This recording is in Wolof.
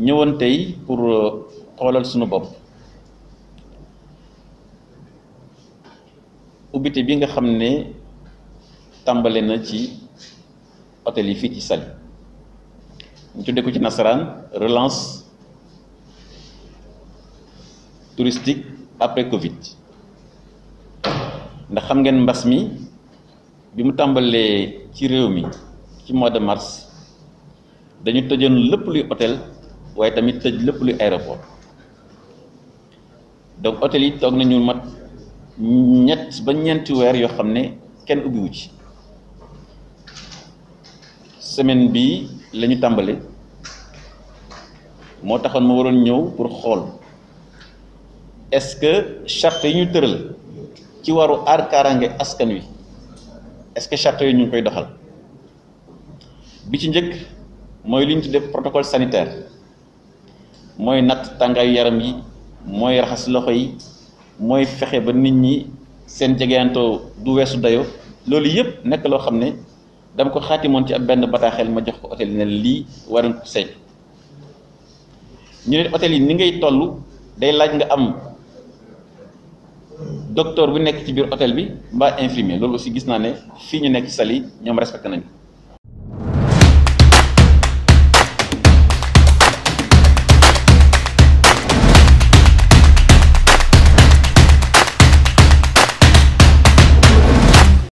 ñëwoon tey pour euh, xoolal sunu bopp ubbite bi nga xam ne tàmbale na ci hôtel yi fii ci Saly ñu tudde ko ci nasaraan relance touristique après Covid ndax xam ngeen mbas mi bi mu tàmbalee ci réew mi ci mois de mars dañu tëjoon lépp luy hôtel waaye tamit tëj lépp luy aéroport donc hôtel yi toog nañu mat ñett ba ñeenti weer yoo xam ne kenn ubbiwu ci semaine bii la ñu moo taxoon ma waroon ñëw pour xool est-ce que charte yi ñu tëral ci waru aar kaaraange askan wi est-ce que charte yi ñu koy doxal bi ci njëkk mooy li ñu tuddee protocole sanitaire mooy natt tàngaayu yaram yi mooy raxas loxo yi mooy fexe ba nit ñi seen jegeyantoo du weesu dayo loolu yëpp nekk loo xam ne dama ko xaatimoon ci ab benn bataaxel ma jox ko hôtel yi ne lii war ko seeñ ñu ne hôtel yi ni ngay tollu day laaj nga am docteur bu nekk ci biir hôtel bi mbaa infirmier loolu aussi gis naa ne fii ñu nekk ci sali ñoom respecté nañu